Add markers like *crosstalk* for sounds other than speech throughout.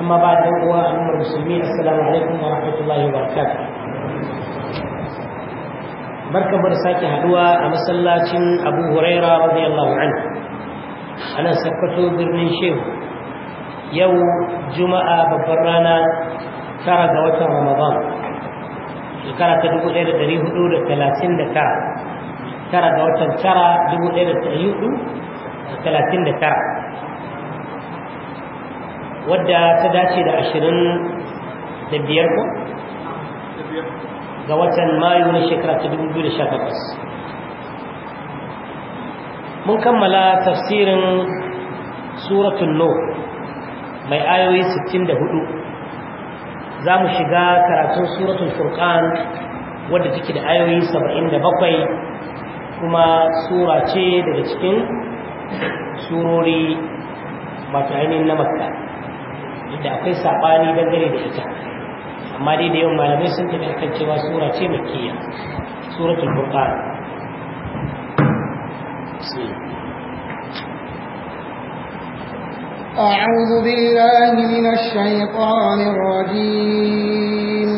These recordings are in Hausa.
أما بعد أيها أمة المسلمين السلام عليكم ورحمة الله وبركاته barka bar sake haɗuwa a masallacin abu huraira radiyallahu anhu ana sakkwato birnin shehu yau juma'a babbar rana tara ga watan ramadan shekara ta 1439 tara ga watan tara 1439 wadda ta dace da ashirin da biyar ko ga watan mayu na shekara ta dubu biyu da sha takwas mun kammala tafsirin suratun no mai ayoyi sittin da hudu za mu shiga karatun suratun furkan wadda take da ayoyi saba'in da bakwai kuma sura ce daga cikin surori wato ainihin na makka inda akwai saɓani dangane da ita amma dai da yawan malamai sun tafi akan cewa sura ce makiyya suratul furqan أعوذ بالله من الشيطان الرجيم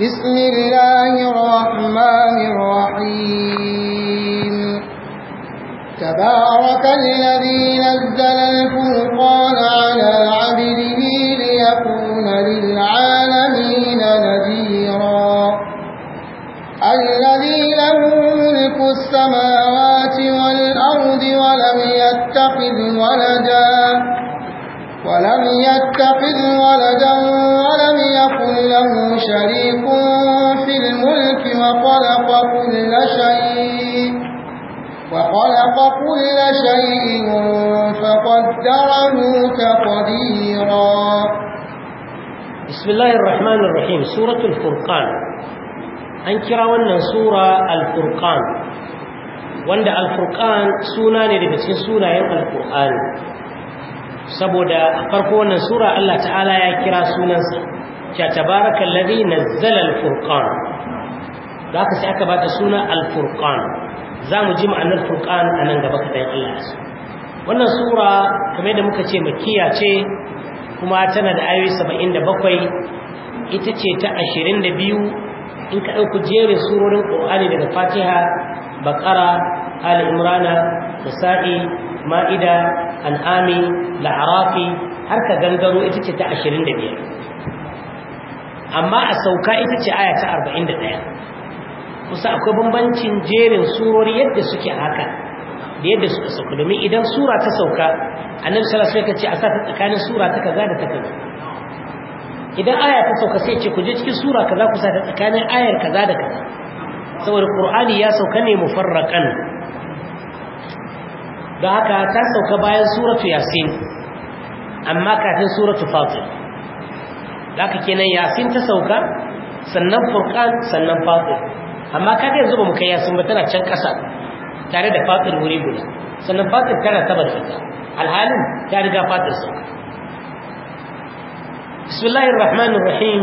بسم الله الرحمن الرحيم تبارك الذي نزل الفرقان على عبده ليكون للعالمين نذيرا الذي له ملك السماوات والأرض ولم يتخذ ولدا ولم يتخذ ولدا ولم يكن له شريك في الملك وخلق كل شيء خلق كل شيء فقدره تقديرا بسم الله الرحمن الرحيم سورة الفرقان أنكرا وأن سورة الفرقان وأن الفرقان سنان لبسين سورة القرآن saboda a farko wannan sura Allah ta'ala ya kira sunansa ta tabarakal ladhi nazzala al-furqan zaka sai aka bata suna al za mu ji ma'anar furqan a nan gaba kaɗan Allah wannan sura kamar da muka ce makiya ce kuma tana da ayoyi saba'in da bakwai ita ce ta ashirin da biyu in ka ɗauku jerin surorin Ƙo'ani daga fatiha baƙara ali imrana Sa'i, ma'ida al'ami la'arafi har ka gangaro ita ce ta ashirin da biyar amma a sauka ita ce aya ta arba'in da ɗaya kusa akwai bambancin jerin surori yadda suke haka da yadda suka sauka domin idan sura ta sauka annabi sallallahu alaihi wasallam ce a sa ta tsakanin sura ta kaza da ta kaza idan aya ta sauka sai ce ku je cikin sura kaza ku sa ta tsakanin ayar kaza da kaza saboda qur'ani ya sauka ne mufarraqan da haka ta sauka bayan suratu yasin amma kafin suratu fatir da haka kenan yasin ta sauka sannan furqan sannan fatir amma kaga yanzu zuba mu kai yasin tana can ƙasa tare da fatir wuri guda sannan fatir tana saba da ita alhalin ta riga fatir sa bismillahir rahmanir rahim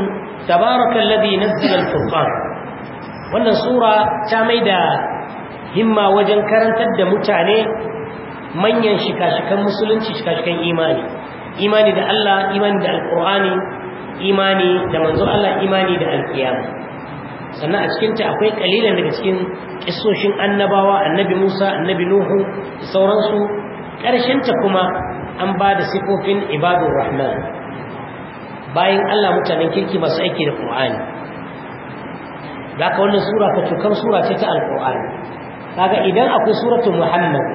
tabarakallazi nazzala al-furqan wannan sura ta maida himma wajen karantar da mutane manyan shika-shikan musulunci shika-shikan imani imani da Allah imani da alqur'ani imani da manzo Allah imani da alkiyama sannan a cikinta akwai kalilan daga cikin kisoshin annabawa annabi musa annabi nuhu da sauransu ƙarshenta kuma an ba da sifofin ibadun rahman bayan allah mutanen kirki masu aiki da ƙur'ani da aka wannan sura ka tukar sura ce ta alƙur'ani kaga idan akwai suratun muhammad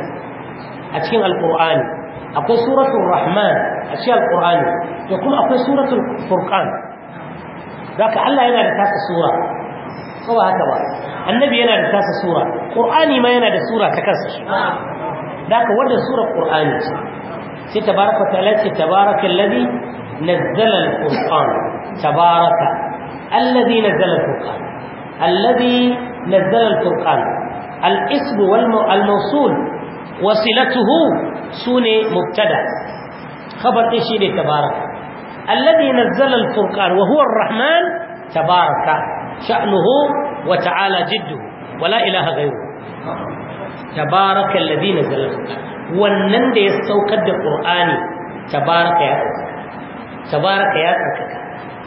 a cikin alƙur'ani akwai suratun rahman a cikin alƙur'ani da kuma akwai suratun furqan da allah yana da tasa sura ko haka ba annabi yana da tasa sura qur'ani ma yana da sura ta kansa shi daka wannan sura qur'ani ce sai tabaraka ta'ala ce tabaraka alladhi nazzala alquran tabaraka alladhi nazzala alquran alladhi nazzala alquran الاسم والموصول وصلته سنه مبتدا خبر ايش تبارك الذي نزل الفرقان وهو الرحمن تبارك sha'nuhu wa ta'ala jidduhu wala ilaha ghayru tabaraka alladhi nazzala wannan da ya saukar da qur'ani tabaraka ya tabaraka ya tsarkaka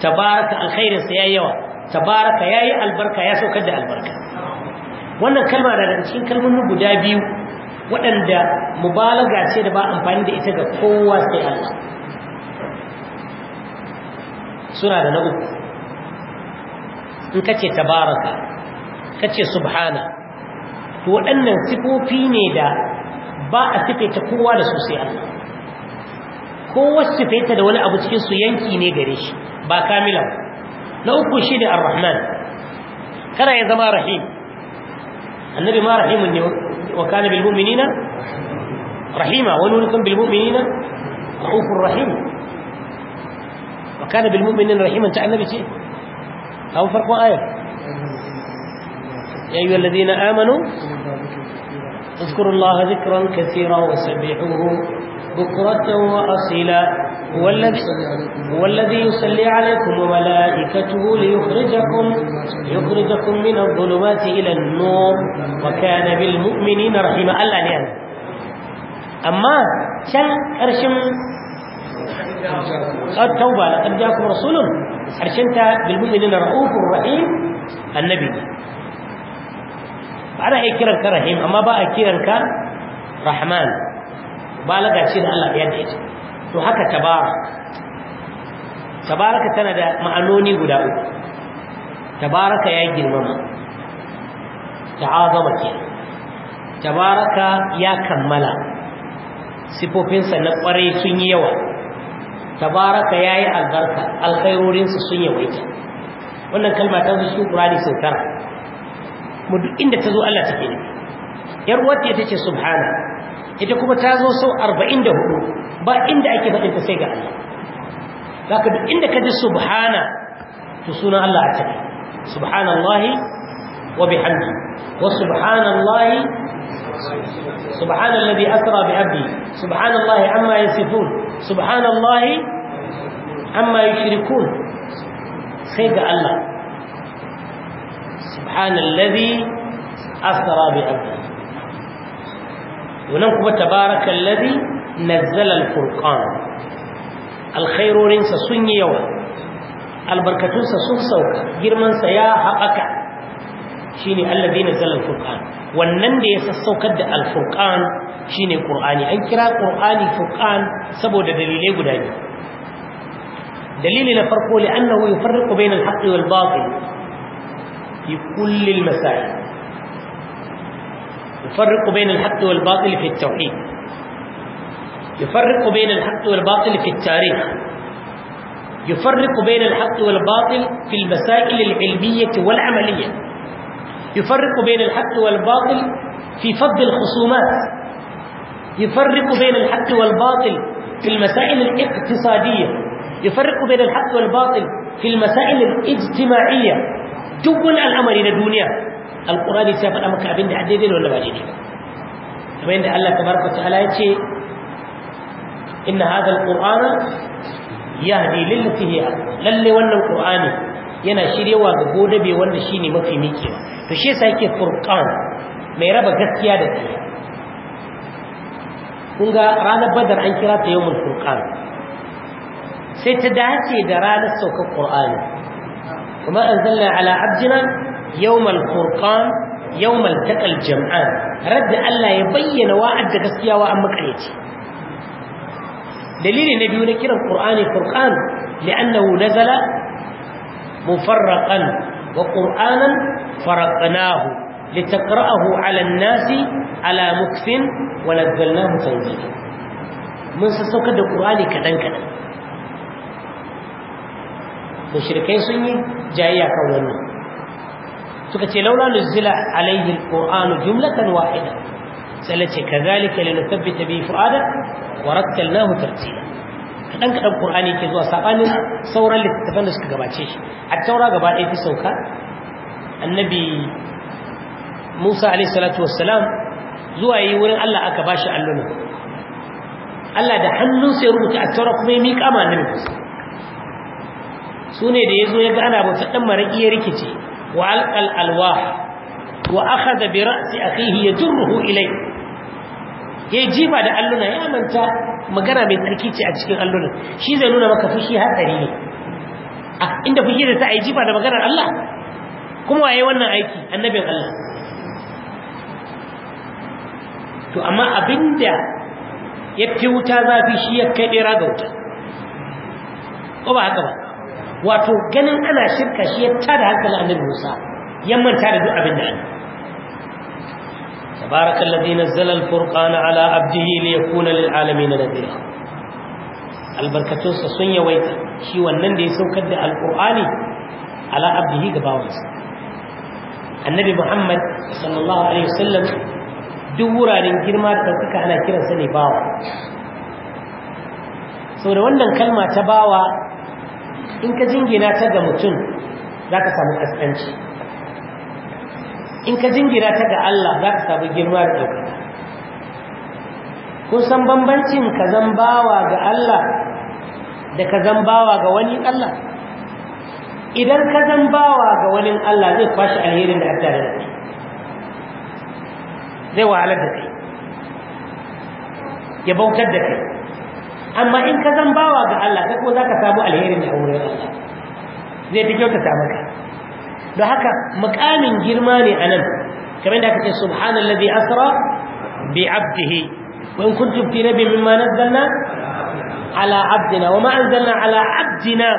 tabaraka alkhairin ya yi yawa tabaraka ya yi albarka ya saukar da albarka wannan kalma da cikin kalmomin guda biyu waɗanda mubalaga ce da ba amfani da ita ga kowa sai Allah sura da na uku in ka ce tabaraka ka ce subhana waɗannan sifofi ne da ba a sifaita kowa da su sai Allah kowa sifaita da wani abu cikinsu yanki ne gare shi ba kamila na uku shi ne ar kana ya zama rahim annabi ma rahimun ne wa kana bil mu'minina rahima wani nulikum bil mu'minina rahufur rahim wa kana bil mu'minina rahiman ta annabi ce أو فرق آية يا أيها الذين آمنوا اذكروا الله ذكرا كثيرا وسبحوه بكرة وأصيلا هو الذي هو الذي يصلي عليكم وملائكته ليخرجكم يخرجكم من الظلمات إلى النور وكان بالمؤمنين رحيما الآن يعني أما شن أرشم tauba la qad ja'akum rasulun harshen ta bil mu'minina ra'ufur rahim annabi ana iya kiran ka rahim amma ba a kiran ka rahman balaga ce da Allah ya da to haka tabarak tabaraka tana da ma'anoni guda uku tabaraka ya girmama ta'azama ke tabaraka ya kammala sifofinsa na kware sun yi yawa tabaraka yayi albarka alkhairorin su sun yawaita wannan kalma ta cikin Qur'ani sau tara mu duk inda ta zo Allah take ne yar wacce ita ce subhana ita kuma ta zo sau 44 ba inda ake faɗin ta sai ga Allah zaka duk inda ka ji subhana to sunan Allah a take subhanallahi wa bihamdi wa subhanallahi سبحان الذي أسرى بعبده سبحان الله عما يصفون سبحان الله عما يشركون سيد الله سبحان الذي أسرى بعبده وننكب تبارك الذي نزل الفرقان الخير ننسى سني يوم البركة sun sauka girmansa shine allazi nazzala alfurqan wannan da ya sassaukar da alfurqan shine qur'ani an kira qur'ani furqan saboda dalilai guda ne dalili na farko annahu yufarriqu bayna alhaqqi wal batil fi kulli almasail yufarriqu bayna alhaqqi wal batil fi at-tauhid يفرق بين الحق والباطل في التاريخ يفرق بين الحق والباطل في المسائل العلمية والعملية يفرق بين الحق والباطل في فض الخصومات يفرق بين الحق والباطل في المسائل الاقتصادية يفرق بين الحق والباطل في المسائل الاجتماعية جبن الأمر إلى الدنيا القرآن يسافر أمك أبين عديدين ولا بعدين أبين الله تبارك وتعالى إن هذا القرآن يهدي للتي هي للي ولا القرآن ينا shiryawa ga بيوان شيني ما في ميكي to shi yasa yake furqan mai raba gaskiya da ƙarya kun ga ranar badar an kira ta yawmul furqan sai ta dace da ranar saukar qur'ani kuma anzalna ala abdina yawmal furqan yawmal taqal jam'an radda Allah ya bayyana wa'ad da gaskiya wa an makareci dalili na biyu na kiran qur'ani furqan li'annahu nazala mufarraqan wa qur'anan فرقناه لتقرأه على الناس على مكف ونزلناه تنزيلا من سسوك القرآن كدن كدن مشركين سني جاية كونا سكتي لولا نزل عليه القرآن جملة واحدة سألتي كذلك لنثبت به فؤادك ورتلناه ترتيلا kadan kadan qur'ani ke zuwa sabanin sauran littafan da suka gabace shi a taura gaba ɗaya ta sauka annabi musa alaihi salatu wassalam zuwa yi wurin allah aka bashi alluna allah da hannunsa ya rubuta a taura kuma ya miƙa ma annabi musa su ne da ya zo ya ga ana bauta ɗan maraƙi ya rikice wa alƙal alwa wa aka da bi ra'asi a ya turruhu ilai ya jifa da alluna ya manta magana mai tsarki ce a cikin alluna shi zai nuna maka fushi hatsari ne inda fushi da ta a yi jifa da maganar allah kuma waye wannan aiki annabin Allah to amma abinda ya fi wuta zafi shi ya kai ɗera ga wuta ko ba haka ba wato ganin ana shirka shi ya tada hankalin annabi Musa ya manta da duk abin da Allah تبارك الذي نزل الفرقان على عبده ليكون للعالمين نذيرا albarkatunsa sun yawaita shi wannan da ya saukar da alkur'ani ala abdihi gabawansa. annabi muhammad sallallahu alaihi wasallam duk wuraren girma da suka ana kiransa ne bawa sau da wannan kalma ta bawa in ka jingina ta ga mutum za ka samu kaskanci in ka jingina ta ga allah za ka samu girma da ɗaukaka kun san bambancin ka zan bawa ga allah da ka zan bawa ga wani allah idan ka zan bawa ga wani Allah zai kwashi alherin da aka da kai zai wahalar da kai ya bautar da kai amma in ka zan bawa ga Allah kai ko zaka samu alherin da aure Allah zai fi kyautata maka don haka mukamin girma ne anan kamar da aka ce subhanallazi asra bi abdihi wa in kuntum fi nabiyyin mimma nazzalna ala abdina wa ma anzalna ala abdina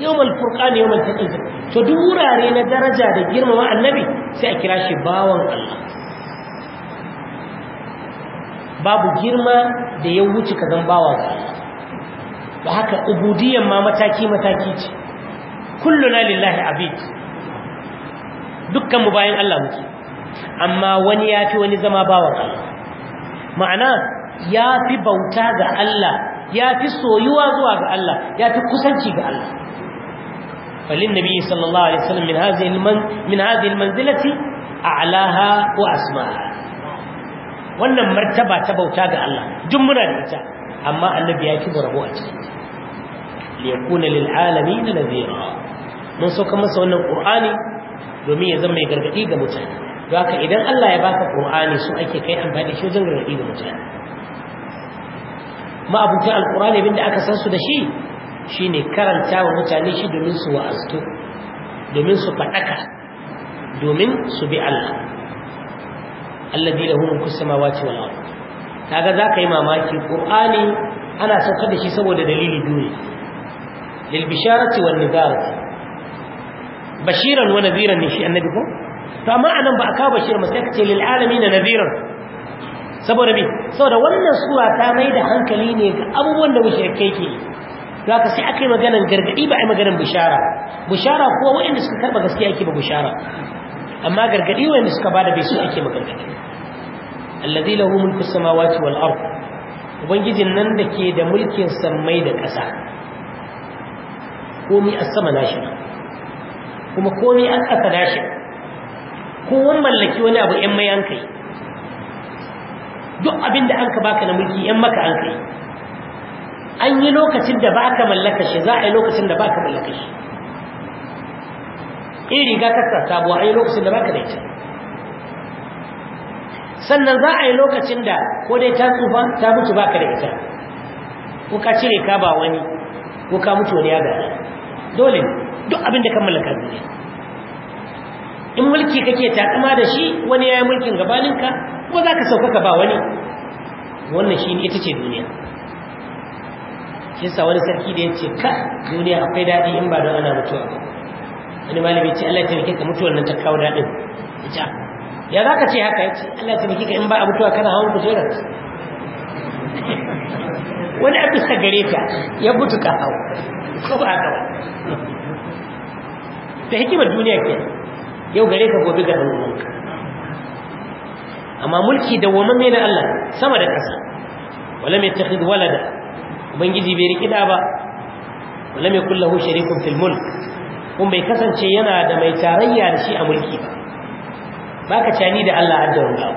yawmal furqan yawmal taqi to duk wurare na daraja da girmama annabi sai a kira shi bawan Allah babu girma da ya wuce ka zan bawan Allah ba haka ubudiyan ma mataki mataki ce kulluna lillahi abid Dukkanmu bayan Allah muke amma wani ya fi wani zama bawan Allah ma'ana ya fi bauta ga Allah ya fi soyuwa zuwa ga Allah ya fi kusanci ga Allah فللنبي صلى الله عليه وسلم من هذه من هذه المنزلة أعلاها وأسماها wannan martaba ta bauta ga Allah duk muna da ita amma annabi ya kibu rabo a ciki li yakuna lil alamin nadhira mun sauka masa wannan qur'ani domin ya zama mai gargadi ga mutane don haka idan Allah ya baka qur'ani su ake kai amfani da shi wajen gargadi ga mutane ma abuta alqur'ani bin da aka san su da shi Shi ne karanta wa mutane shi domin su wa'azto domin su faɗaka domin su bi Allah alladhi lahu mulku samawati wal ard kaga ka yi mamaki qur'ani ana saukar da shi saboda dalili biyu lil bisharati wan nidarati bashiran wa nadiran ne shi annabi ko to amma anan ba a kawo bashir ba sai ka ce lil alamin nadiran saboda me saboda wannan sura ta mai da hankali ne ga abubuwan da mushrikai ke yi za ka sai aka yi maganan gargaɗi ba a yi maganan bishara bishara kuwa waɗanda suka karɓa gaskiya ake ba bishara amma gargaɗi waɗanda suka ba da bai su ake magargaɗi allazi lahu mulku samawati wal ard ubangijin nan da ke da mulkin sammai da ƙasa komi a sama nashi kuma komi a ƙasa nashi kowan mallaki wani abu yan mai an kai duk abin da an ka baka na mulki yan maka an kai an yi lokacin da ba ka mallaka shi za a yi lokacin da ba ka mallaka shi in e, riga ka sa sabuwa a yi lokacin da ba ka da ita sannan za a yi lokacin da ko dai ta tsufa ta mutu ba ka da ita ko ka cire ka ba wani ko ka mutu wani ya gani dole duk abin da ka mallaka ne in mulki kake takama da shi wani ya yi mulkin gabaninka ko za ka sauka ka ba wani wannan shi ne ita ce duniya shi yasa wani sarki da ya ce ka duniya akwai daɗi in ba don ana mutuwa ba wani malami ce Allah ya taimake ka mutuwar nan ta kawo daɗin ita ah, ya za ka ce haka ya ce Allah ya taimake ka in ba a mutuwa kana hawan kujerar *laughs* wani a bisa gare ta ya mutu ka hau ko ba haka ba da hikimar duniya ke yau gare ka gobe ga ɗan'uwanka amma mulki da wamamme na Allah sama da ƙasa wala mai tafi walada ubangiji bai rikida ba lam yakul lahu sharikun fil mulk kun bai kasance yana da mai tarayya da shi a mulki ba baka cani da Allah adda ruwa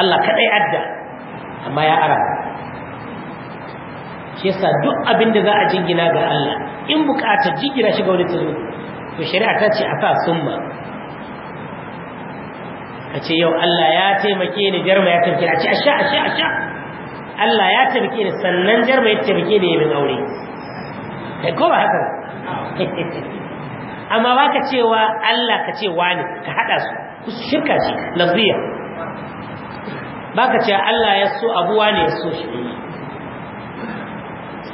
Allah kadai adda amma ya ara shi yasa duk abin da za a jingina ga Allah in buƙatar jingina shi ga wani tsoro to shari'a ta ce a sa summa ka ce yau Allah ya taimake ni jarma ya taimake a ce a sha a sha a sha Allah ya tabbike ni sannan jarma ya tabbike ni yayin aure kai ko ba haka *laughs* amma ba ka cewa Allah ka ce wani ka hada su ku shirka ji lafiya ba ka ce Allah ya so abu wani ya so shi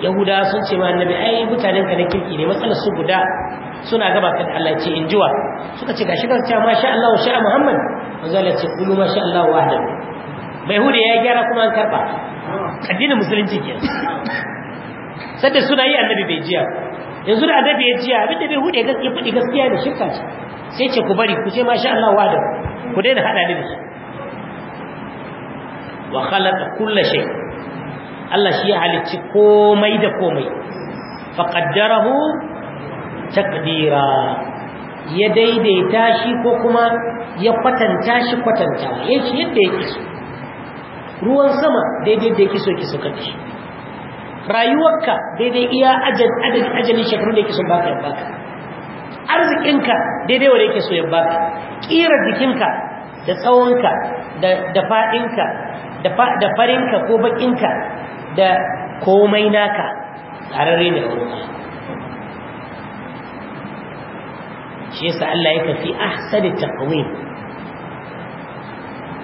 yahuda sun ce ma annabi ai mutanen ka na kirki ne matsalar su guda suna gaba kan Allah ce in jiwa suka ce gashi kan cewa masha Allah wa sha Muhammad manzo Allah ce kullu masha Allah wahid bai hude ya gyara kuma an karba addinin musulunci ke sadda suna yi annabi bai jiya yanzu da annabi ya jiya abin da bai hude gaskiya fudi gaskiya da shirka ce sai ce ku bari ku ce masha Allah wa da ku daina hada ni da shi wa khalaqa kulla shay Allah shi ya halicci komai da komai fa qaddarahu taqdira ya daidaita shi ko kuma ya kwatanta shi kwatanta yace yadda yake so ruwan sama daidai da yake so ki so da shi rayuwarka daidai iya ajalin shekaru da yake so baka ya baka arzikinka daidai wanda yake so ya baka ƙirar jikinka da tsawonka da faɗinka da farinka ko baƙinka da komai naka tsararre da a shi yasa Allah ya kafi ahsani taqwim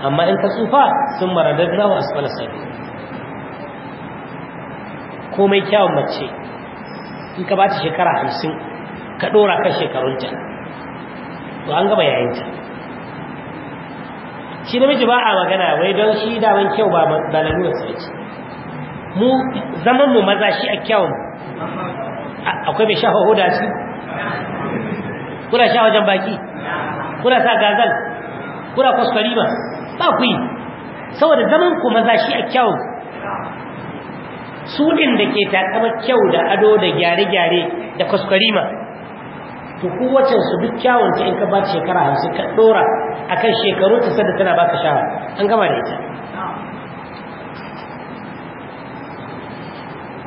amma in ka tsufa sun maradar nawa asfala sabi komai kyawun mace in ka ba ta shekara hamsin ka ɗora kan shekarunta to an gaba yayinta shi namiji ba a magana wai don shi daman kyau ba ba lalurar sarki mu zaman mu maza shi a kyawun akwai mai shafa hoda shi kuna sha wajen baki kuna sa gazal kuna kwaskwari ba ba ku yi saboda zaman ku maza shi a kyau su ɗin da ke takamar kyau da ado da gyare-gyare da kwaskwarima to kowacin su duk kyawunta in ka ba shekara hamsin ka ɗora a kan shekaru ta sadda tana baka shawa an gama da ita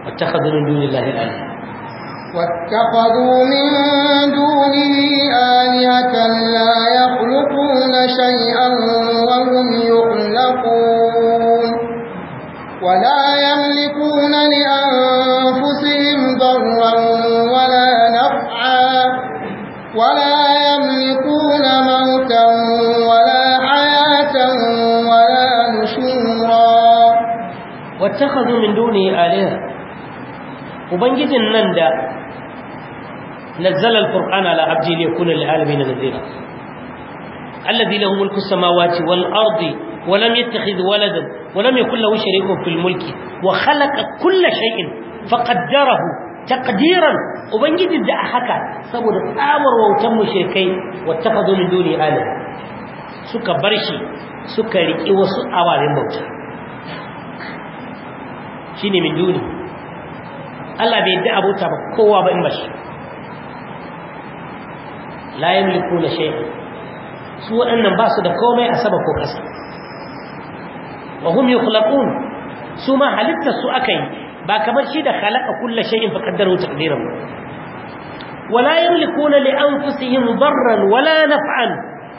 واتخذوا من دون الله الآلهة واتخذوا من دونه آلهة لا يخلقون شيئا fattakhadhu min dunihi alaha ubangijin nan da nazzala alqur'ana ala abdi liyakuna lil alamin nadhira alladhi lahu mulku samawati wal ardi wa lam yattakhidh waladan wa lam yakul lahu sharikun fil mulki wa khalaqa kulla shay'in faqaddarahu taqdiran ubangiji da haka saboda tsamar wautan mushrikai wattakhadhu min suka bar shi suka riƙe wasu awarin bauta shine ne duni Allah bai da abota ba kowa ba in ba shi la yamlikuna shay'an su waɗannan ba su da komai a saba ko ƙasa wa hum yukhlaqun su ma halitta su yi, ba kamar shi da khalaqa kullu shay'in fa qaddarahu taqdiran wala yamlikuna li anfusihim darran wala naf'an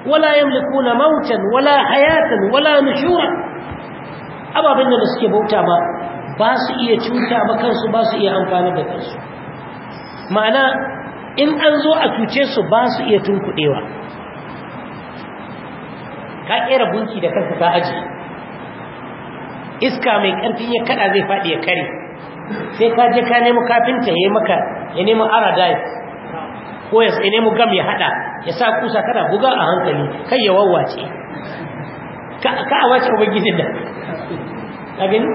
wala yamlikuna mautan wala hayatan wala nushura ababen da suke bauta ba ba su iya cuta ba kansu ba su iya amfani da kansu ma'ana in an zo a cuce su ba su iya tunkuɗewa ka ƙera gunki da kanka ka aji iska mai ƙarfin ya kada zai faɗi ya kare sai ka je ka nemo kafinta ya maka ya nemo aradite ko ya nemo gam ya haɗa ya sa kusa kana buga a hankali kai ya wawace ka a wace ubangijin da ka gani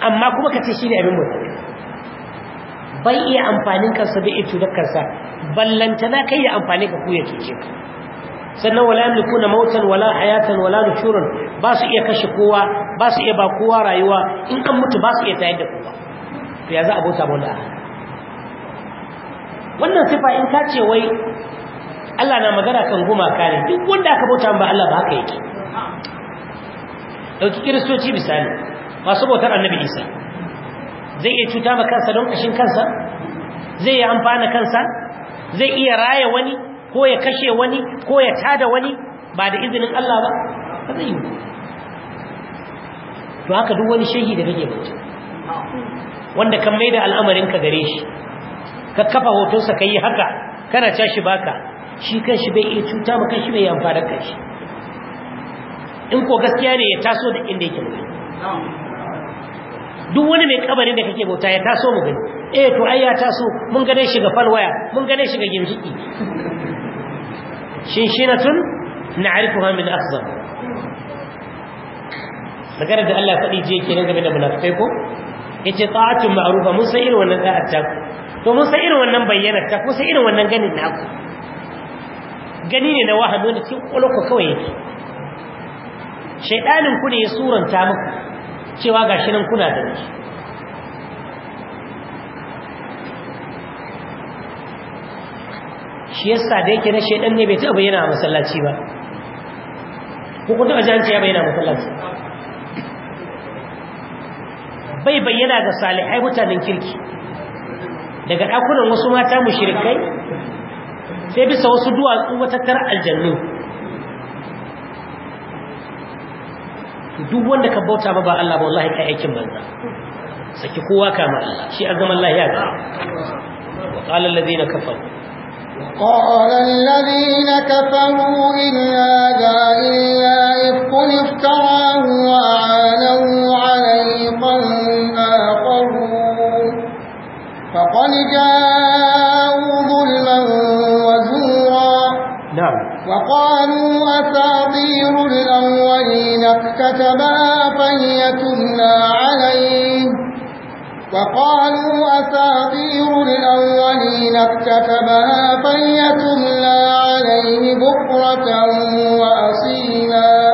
amma kuma ka ce shi ne abin mutu bai iya amfanin kansa bai iya cutar kansa ballantana kai ya amfani ka ku ya cuce ka sannan wala kuna mautan wala hayatan wala nushurun ba su iya kashe kowa ba su iya ba kowa rayuwa in an mutu ba su iya tayar da kowa to ya za a bauta wannan sifa in ka ce wai Allah na magana kan goma kare duk wanda aka bauta ba Allah ba haka yake dauki kiristoci misali masu bautar annabi isa zai iya cuta ma kansa don kashin kansa zai iya amfana kansa zai iya raya wani ko ya kashe wani ko ya tada wani ba da izinin Allah ba ba zai yi to haka duk wani shehi da kake bauta wanda kan da al'amarin ka gare shi ka kafa hotonsa ka yi haka kana tashi baka shi kanshi bai iya cuta ba kanshi bai amfana kanshi in ko gaskiya ne ya taso da inda yake mutum duk wani mai kabarin da kake bauta ya taso mu gani eh to ai ya taso mun gane shi ga falwaya mun gane shi ga gimshiki shinshinatun na'rifuha min akhzar magana da Allah faɗi je kenan game da munafikai ko yace ta'atun ma'rufa mun san irin wannan ta'at ta to mun san irin wannan bayyana ta ko san irin wannan ganin na ku gani ne na wahabi wanda cikin kwalwa kawai yake shaidanin ku ne ya suranta muku cewa gashi nan kuna da shi shi yasa da yake na shedan ne bai taɓa bayyana a masallaci ba ko kun taɓa ya bayyana a masallaci bai bayyana ga salihai mutanen kirki daga ɗakunan wasu mata mushrikai sai bisa wasu duwatsu wata tara aljannu duk wanda ka bauta ba ba Allah ba wallahi kai aikin banza saki kowa kama Allah shi a zaman lahiya ga wa qala alladhina kafaru قال الذين كفروا إن هذا إلا إفق افتراه وأعانه عليه قوم قالوا أساطير الأولين اكتتبها فهي عليه وقالوا أساطير الأولين اكتتبها فهي عليه بكرة وأصيلا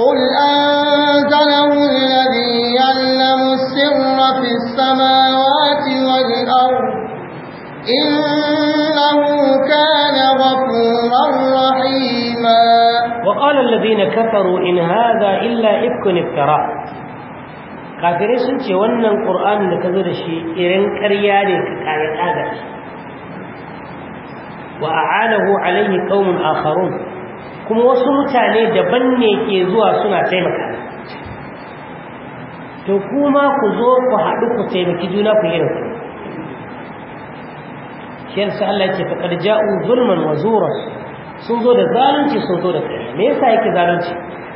قل أنزله الذي يعلم السر في السماوات والأرض إنه كان غفورا رحيما وقال الذين كفروا إن هذا إلا إفك افتراه sun ce wannan ƙur'ani da ka zo da shi irin karya ne ka kayan agaji wa a'anahu alaihi qaumun akharun kuma wasu mutane daban ne ke zuwa suna taimaka to kuma ku zo ku haɗu ku taimaki juna ku irin ku shi yasa Allah yake faɗa ja'u zulman wa zura sun zo da zalunci sun zo da ƙarya me yasa yake zalunci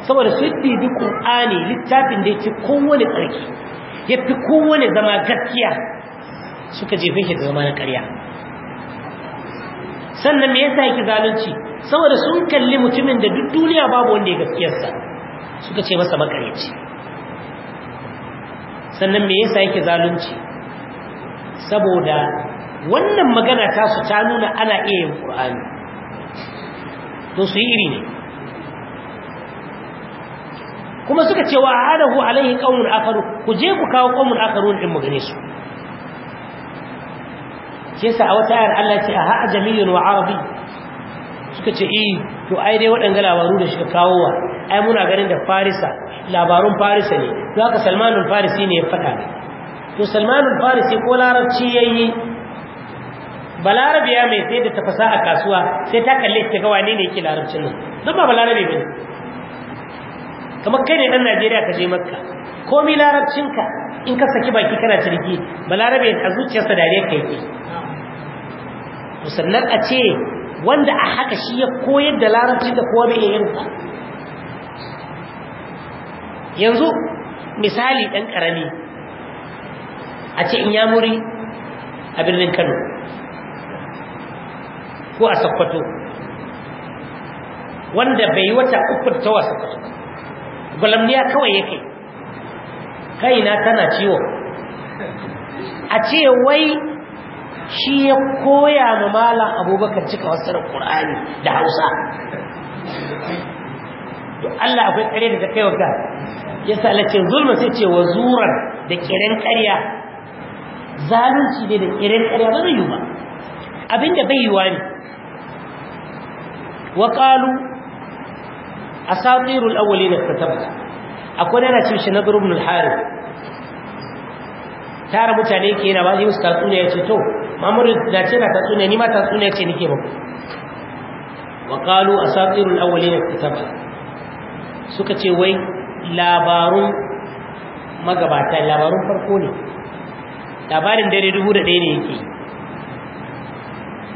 saboda su yi bi Qur'ani littafin da yake kowane tsarki fi kowane zama gaskiya suka jefe shi da zama na ƙarya sannan me yasa yake zalunci saboda sun kalli mutumin da duk duniya babu wanda ya gaskiyarsa suka ce masa makareci sannan me yasa yake zalunci saboda wannan magana ta su ta nuna ana iya yin qur'ani to su yi iri ne kuma suka ce wa adahu alaihi qaumun akaru ku je ku kawo qaumun akharun din magane su kisa a wata ayar Allah ce a ha'a ajamiyun wa arabi suka ce eh to ai dai waɗanda labaru da suka kawo wa ai muna ganin da farisa labarun farisa ne to haka salmanin farisi ne ya faɗa to salmanin farisi ko larabci yi. balarabiya mai sai da tafasa a kasuwa sai ta kalle ta ga wane ne yake larabcin nan don ba balarabe ba kamar kai ne dan najeriya ka je makka komi larabcinka in ka saki baki kana cirki balarabe a zuciyarsa dariya ka yake sannan a ce wanda a haka shi ya koyar da larabci da kowa bai yin ba yanzu misali ɗan ƙarami a ce in yamuri a birnin kano ko a Sokoto, wanda bai wata uku ta wa sakkwato gwalamniya kawai yake kaina tana ciwo a ce wai shi ya koya ma malam abubakar cika wasu ƙur'ani da hausa Allah akwai kare da ta kai wata ya yasa zulma sai ce wa zuran da kiran ƙarya zalunci ne da kiran ƙarya ba zai yi ba abinda bai yiwa ne وقالوا أساطير الأولين اكتتبت أقول أنا تمشي نضر بن الحارث tara mutane ke yana tatsuniya ya ce to mamuru da ce na tatsuniya ni ma tatsuniya ce nike ba wa qalu asatirul awwalin kitab suka ce wai labarun magabata labarun farko ne labarin dare dubu da ɗaya ne yake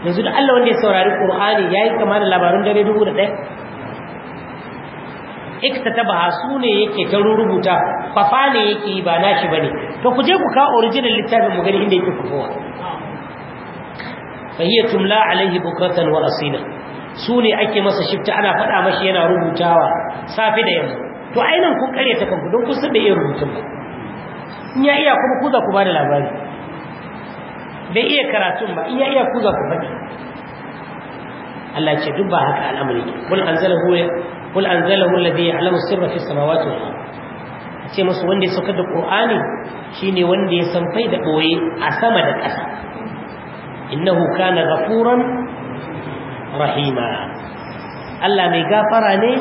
yanzu da Allah wanda ya saurari Qur'ani yayi kama da labarin dare dubu da ɗaya iktatabaha sune yake ta rubuta fafa ne yake yi ba nashi bane to ku je ku ka original littafin mu gani inda yake kowa fa hiya tumla alaihi bukratan wa asila sune ake masa shifta ana faɗa mashi yana rubutawa safi da yamma to ainin ku kare ta kanku don ku san da iya rubutun ba in ya iya kuma ku za ku ba da labari bai iya karatun ba iya iya za ku faɗi Allah ce duk ba haka al'amari kul anzalahu kul anzalahu alladhi ya'lamu sirra fi samawati wal a ce musu wanda ya saukar da qur'ani shine wanda ya san fai da boye a sama da ƙasa innahu kana ghafuran rahima Allah mai gafara ne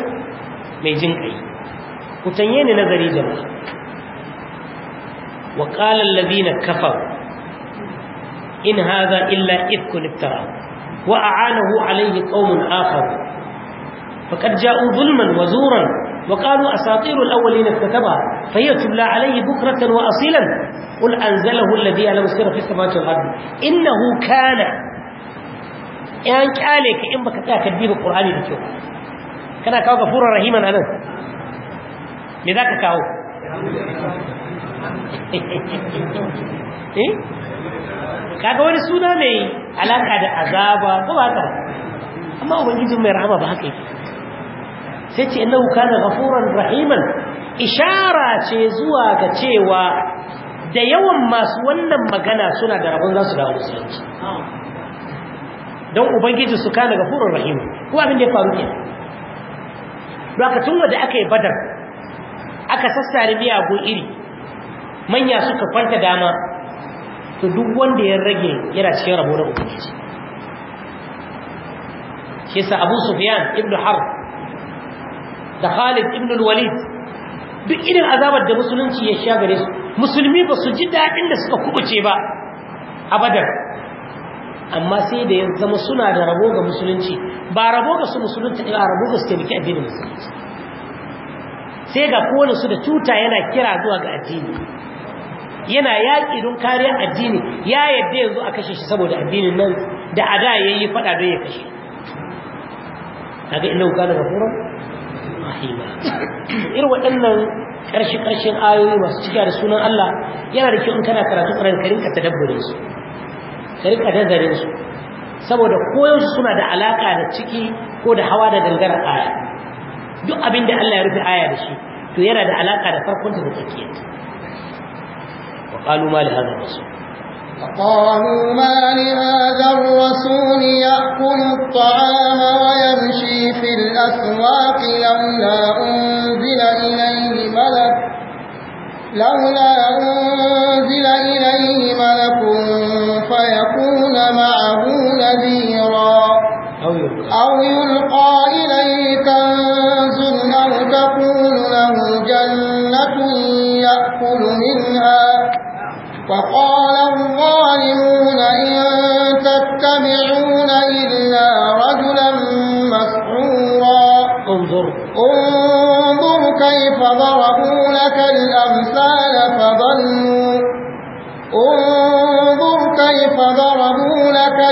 mai jin kai ku tanye ni nazari jama'a wa qala alladhina إن هذا إلا إفك افترى وأعانه عليه قوم آخر فقد جاءوا ظلما وزورا وقالوا أساطير الأولين اكتتبها فهي تبلى عليه بكرة وأصيلا قل أنزله الذي يعلم السر في السماوات والأرض إنه كان إن kyale إن بكتا baka القرآن لكيو كان da kyau رحيما أنا gafurar rahiman *laughs* eh kaga wani suna mai alaka da azaba ko ba haka amma ubangiji mai rahama ba haka yake sai ce innahu kana ghafuran rahiman ishara ce zuwa ga cewa da yawan masu wannan magana suna da rabon za su dawo musulunci don ubangiji su kana gafurur rahim ko abin da ya faru ne lokacin aka tun wanda aka yi badar aka sassare miyagun iri manya suka kwanta dama to duk wanda ya rage yana cikin rabo na ubangiji shi yasa abu sufyan ibn harb da khalid ibn walid duk irin azabar da musulunci ya sha gare su musulmi ba su ji daɗin da suka kubuce ba a badar amma sai da ya zama suna da rabo ga musulunci ba rabo ga su musulunci ba rabo ga su taimaki addinin musulunci sai ga kowane su da tuta yana kira zuwa ga addini yana yaƙi don kariyar addini ya yadda yanzu a kashe shi saboda addinin nan da a da ya yi faɗa don ya kashe kaga inna gane gafuran rahima irin waɗannan ƙarshe ƙarshen ayoyi masu cika da sunan Allah yana da kyau in kana karatu ƙaran ka rinka tadabburin su ka rinka nazarin su saboda koyaushe suna da alaƙa da ciki ko da hawa da dangara aya duk abin da Allah ya rufe aya da shi to yana da alaƙa da farkon da tsakiyarta قالوا ما لهذا الرسول قالوا ما لهذا الرسول يأكل الطعام ويمشي في الأسواق لولا أنزل إليه ملك لولا أنزل إليه ملك فيكون معه نذيرا أو يلقى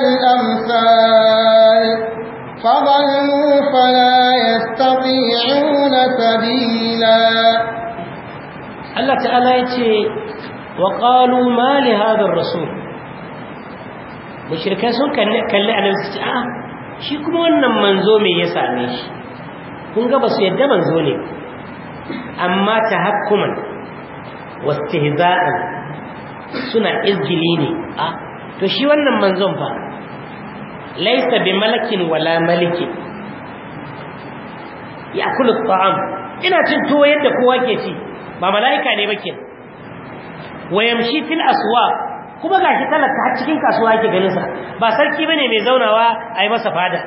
الأمثال فظلموا فلا يستطيعون سبيلا الله تعالى يتي وقالوا ما لهذا الرسول مشركين سن كاللي على shi kuma wannan manzo me ya same shi kun ga basu yadda manzo ne amma tahakkuman wastihza'an suna izini ne to shi wannan manzon fa laisa bi malakin wala malikin ya kula ta'am ina cin tuwo yadda kowa ke ci ba mala'ika ne ba kin wayamshi fil aswa kuma gashi talaka har cikin kasuwa yake ganin sa ba sarki bane mai zaunawa a yi masa fada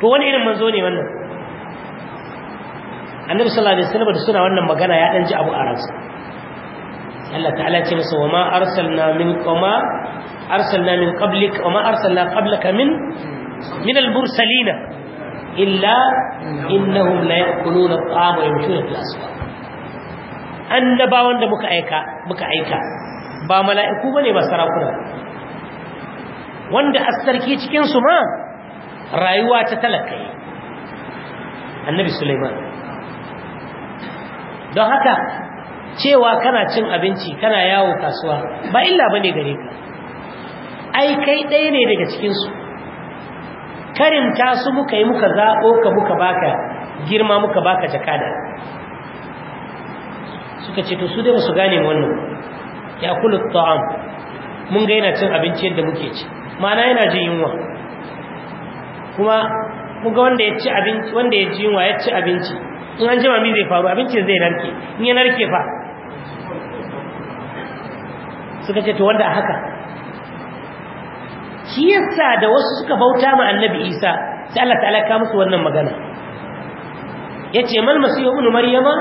to wani irin manzo ne wannan annabi sallallahu alaihi wasallam da suna wannan magana ya dan ji abu a ransa Allah ta'ala ce masa wa ma arsalna min qama arsalna min qablik wa ma arsalna qablaka min min al-mursalin illa innahum la ya'kuluna at-ta'ama wa yamshuna fil aswaq annabawan da muka aika muka aika ba mala'iku bane ba sarakuna wanda asarki cikin su ma rayuwa ta talakai annabi Sulaiman don haka cewa kana cin abinci kana yawo kasuwa ba illa bane gare ka ai kai ɗaya ne daga cikin su karimta su muka yi muka zaɓo ka muka baka girma muka baka jakada suka ce to su dai ba su gane wannan ya kulu ta'am mun ga yana cin abinci yadda muke ci ma'ana yana jin yunwa kuma mun ga wanda ya ci abinci wanda ya ji yunwa ya ci abinci in an jima mi zai faru abincin zai narke in ya narke fa suka ce to wanda a haka shi yasa da wasu suka bauta ma annabi isa sai Allah ta'ala ka musu wannan magana yace mal masihu ibn maryama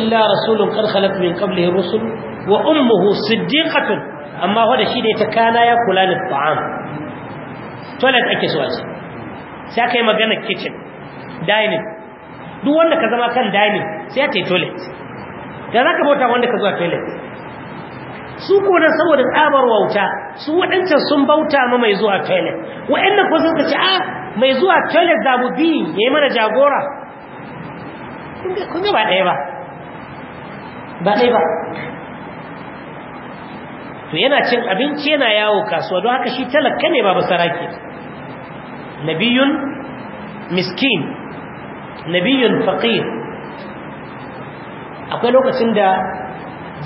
illa rasulun qad khalat min qablihi rusul wa ummuhu siddiqatun amma wanda shi da ta kana ya kula da ta'am toilet ake so shi? sai kai magana kitchen dining duk wanda ka zama kan dining sai ya tai toilet da zaka bauta wanda ka zuwa toilet su na saboda tsabar wauta su waɗancan sun bauta ma mai zuwa toilet waɗannan ko sun kace a ah, mai zuwa toilet za mu ya yi mana jagora kun ga ba ɗaya ba ba ɗaya ba to yana cin abinci yana yawo kasuwa don haka shi talaka ne babu basarake nabiyun miskin nabiyun faqir akwai lokacin da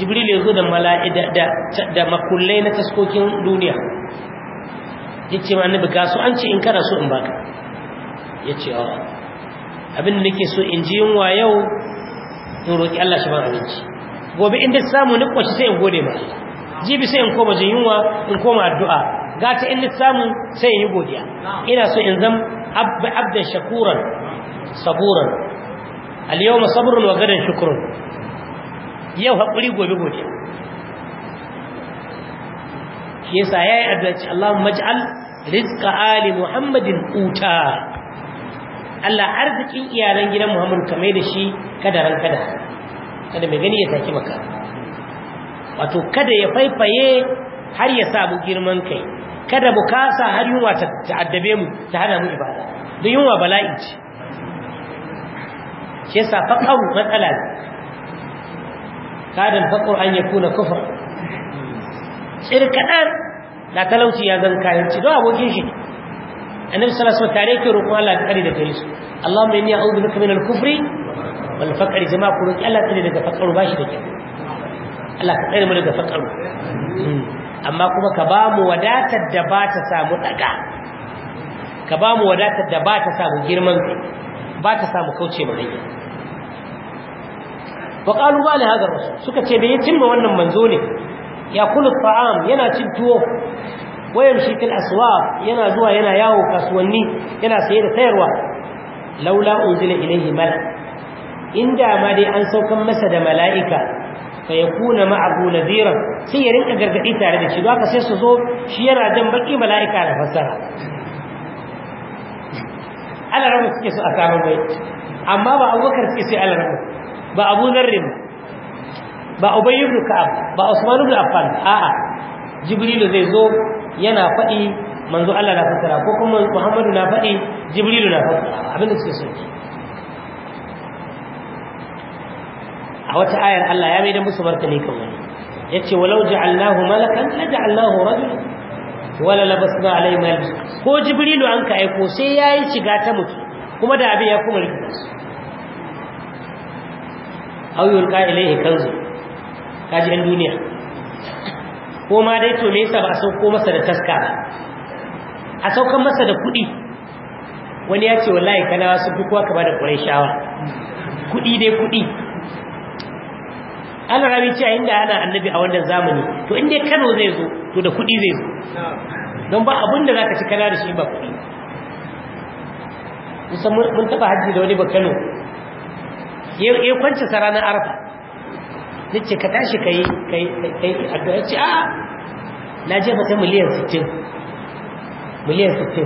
jibril ya zo da mala'ida da makullai na taskokin duniya ya ce ma annabi ga su an ce in kana so in baka ya ce awa abin da nake so in ji yunwa yau in roƙi Allah shi ban abinci gobe in da samu ni kwashi sai in gode ma jibi sai in koma jin yunwa in koma addu'a gata in da samu sai in yi godiya ina so in zam abdan shakuran saburan al yawma sabrun wa gadan shukrun yau haƙuri gobe gobe shi yasa ya yi adalci Allah maj’al rizqa ali muhammadin uta Allah arzikin iyalan gidan muhammadu kamar da shi kada ran kada kada mai gani ya taki maka wato kada ya faifaye har ya sabu girman kai kada mu kasa har yunwa ta addabe mu ta hana mu ibada don yunwa bala'i ce shi yasa faƙaru matsala ne kada al-faqr an yakuna kufr shirkadan da talauci ya zan kayan ci don abokin shi annabi sallallahu alaihi wasallam tare ke roƙon Allah ya kare da gare su Allahumma inni a'udhu bika min al-kufri wal faqri jama'a ku roƙi Allah kare daga faqru bashi da kyau Allah ka tsare mu daga faqru amma kuma ka ba mu wadatar da ba ta samu daga ka ba mu wadatar da ba ta samu girman ba ta samu kauce mu hanya wa qalu ma la suka ce bai cimma wannan manzo ne ya yana cin tuwo wayam shi fil yana zuwa yana yawo kasuwanni yana saye da sayarwa laula unzila ilayhi mal inda ma dai an saukan masa da mala'ika fa yakuna ma'ahu nadhiran sai ya rinka gargadi tare da shi haka sai su zo shi yana jan baki mala'ika da suke so a samu mai amma ba sai ba abu zarrin ba ubayy ibn ka'ab ba usman ibn affan a'a jibrilu zai zo yana faɗi manzo Allah na fassara ko kuma muhammadu na faɗi jibrilu na fassara abinda suke so a wata ayar Allah ya mai da musu martani kan wani yace walau ja'alnahu malakan la ja'alnahu rajul wala labasna alayhi ma ko jibrilu an ka aiko sai yayi shiga ta mutu kuma da abin ya kuma rikice aw yulqa ilayhi kanzu kaji an duniya ko ma dai to me yasa ba a sauko masa da taska ba a saukan masa da kuɗi wani ya ce wallahi kana wasu fi kowa kama da shawa. kuɗi dai kuɗi an rabi ce a inda ana annabi a wannan zamani to inda kano zai zo to da kuɗi zai zo don ba abin da za ka ci kana da shi ba kuɗi musamman mun taɓa hajji da wani ba kano ya kwanci sa ranar arfa ce ka tashi ka yi kai addu'a ce a na jefa sai miliyan 60 miliyan 60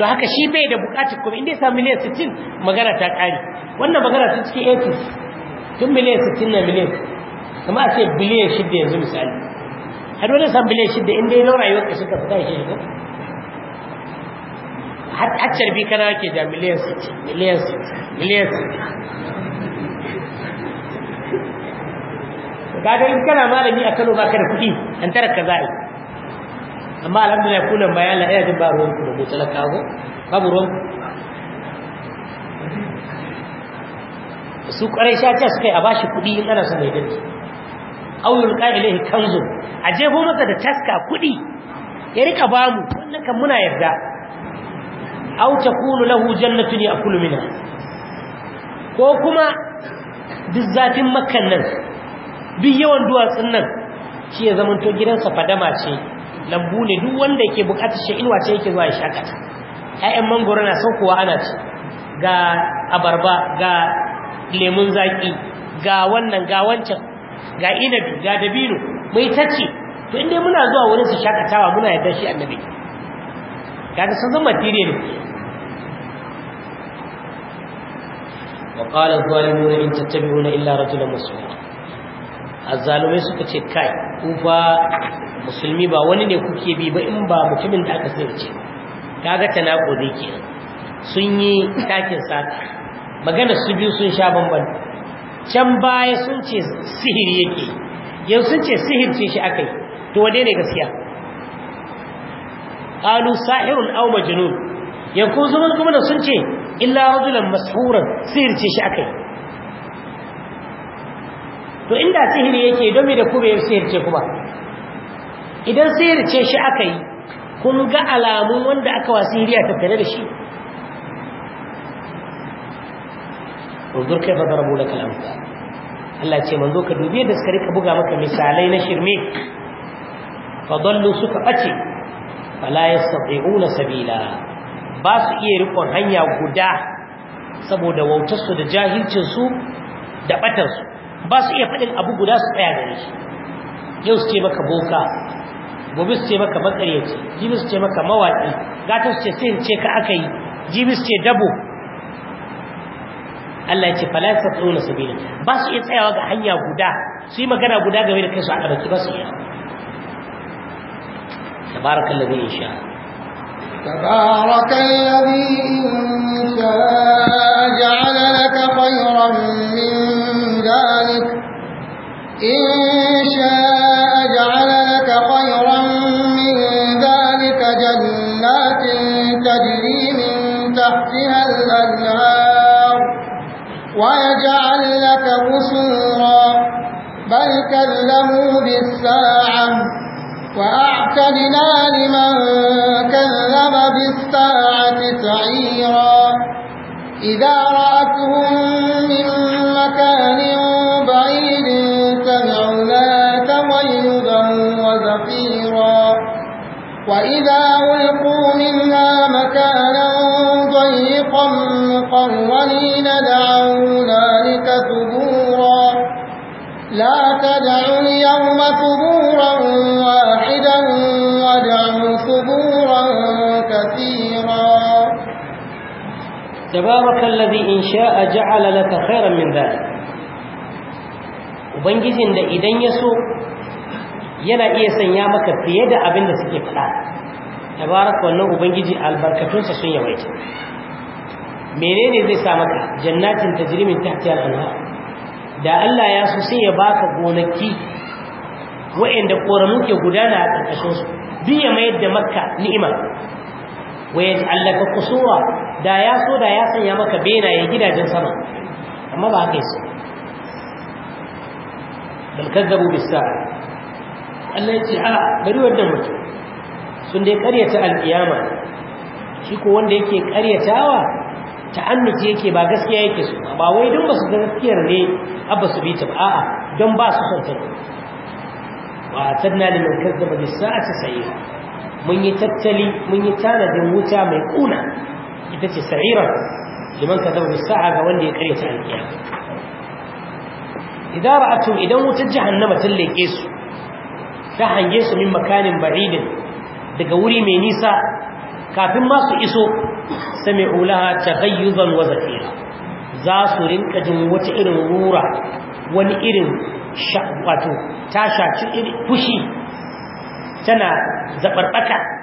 don haka shi bai da bukatar kuma inda ya sa miliyan 60 magana ta kare wannan magana ta cikin 80 tun miliyan 60 na miliyan kuma a ce biliyan 6 yanzu misali har wani san biliyan 6 inda ya laura yi ka shi ka fita shi shiga har bi kana ke da miliyan 60 miliyan 60 miliyan 60 kaga in kana malami a Kano baka da kuɗi an tara ka za'i amma alhamdulillah kullum bayan Allah ya jin ba ruwan ku da talaka ko babu ruwan su kwarai shaciya suka yi a bashi kuɗi in ana son mai dinki auyul qa'ilaihi kanzu a jefo masa da taska kuɗi ya rika bamu wannan kan muna yarda aw takulu lahu jannatun yaakulu minha ko kuma duk zafin makkan nan duk yawan duwatsun nan shi ya to gidansa fadama ce lambu ne duk wanda yake bukatar shi inuwa ce yake zuwa ya shakata ƴaƴan mangoro na saukowa ana ci ga abarba ga lemun zaki ga wannan ga wancan ga inabi ga dabino mai tacce to inda muna zuwa wurin su shakatawa muna yadda shi annabi kaga sun zama ne وقال الظالمون ان تتبعون الا رجلا مسلما الظالمين suka ce kai ku fa musulmi ba wani ne kuke bi ba in ba mutumin da aka sirce kaga tanakudi kenan sun yi takin sata magana su biyu sun sha bamban can baya sun ce sihiri yake yau sun ce sihir ce shi akai to wane ne gaskiya qalu sahirun aw majnun yanzu kuma sun ce illa rajulan mashuran sihirce shi akai to inda sihiri yake don me da ku ya sihirce ku ba idan sihirce shi akai kun ga alamun wanda aka wa sihiri a tattare da shi kai fa ضربوا لك الامثال Allah ce manzo ka dubi da suka rika buga maka misalai na shirme fadallu suka bace fala yastati'una sabila ba su iya rikon hanya guda saboda wautarsu da jahilcinsu da batarsu ba su iya faɗin abu guda su tsaya gare shi yau su ce maka boka gobe su ce maka makaryaci jibi su ce maka mawaƙi gata su ce sai ce ka aka yi jibi su ce dabo Allah ya ce falasa tsohon sabila ba su iya tsayawa ga hanya guda su yi magana guda game da kai su a ɗarki ba su iya tabarakan da zai insha تبارك الذي إن شاء جعل لك خيرا من ذلك إن شاء جعل لك خيرا من ذلك جنات تجري من تحتها الأنهار ويجعل لك قصورا بل كلموا بالساعة وأعتدنا لمن كذب بالساعة سعيرا إذا رأتهم من مكان بعيد سمعوا لا تغيبا وزفيرا وإذا ألقوا منا مكانا ضيقا مقرنين تبارك الذي إن شاء جعل لك خيرا من ذلك ubangijin da idan ya so yana iya sanya maka fiye da abin da suke faɗa Ta tabaraka wannan ubangiji albarkatunsa sun yawaita menene zai sa maka jannatin tajrimin tahtiyar anhar da Allah ya so sai ya baka gonaki wa'anda koramu ke gudana a ƙarƙashin su duk ya mayar da makka ni'ima wa yaj'al laka qusura da ya so da ya sanya maka benaye gidajen sama amma ba haka yasa bal kazzabu bis sa'a Allah ya ce a bari wannan mutum sun dai karyata alkiyama shi ko wanda yake karyatawa ta'annuci yake ba gaskiya yake so ba wai don basu ga gaskiyar ne abba su bi ta a'a don ba su son ta wa tadna lil kazzaba bis sa'ati sayyi'a mun yi tattali mun yi tanadin wuta mai kuna ita ce sa'ira liman ka zaune sa'a ga wanda ya kare ta alkiya idan ra'atu idan wutar jahannama ta leke su ta hange su min makanin ba'idin daga wuri mai nisa kafin ma su iso sami'u ta taghayyuzan wa zafira za su rinka jin wata irin rura wani irin wato ta shaci fushi tana zabarbaka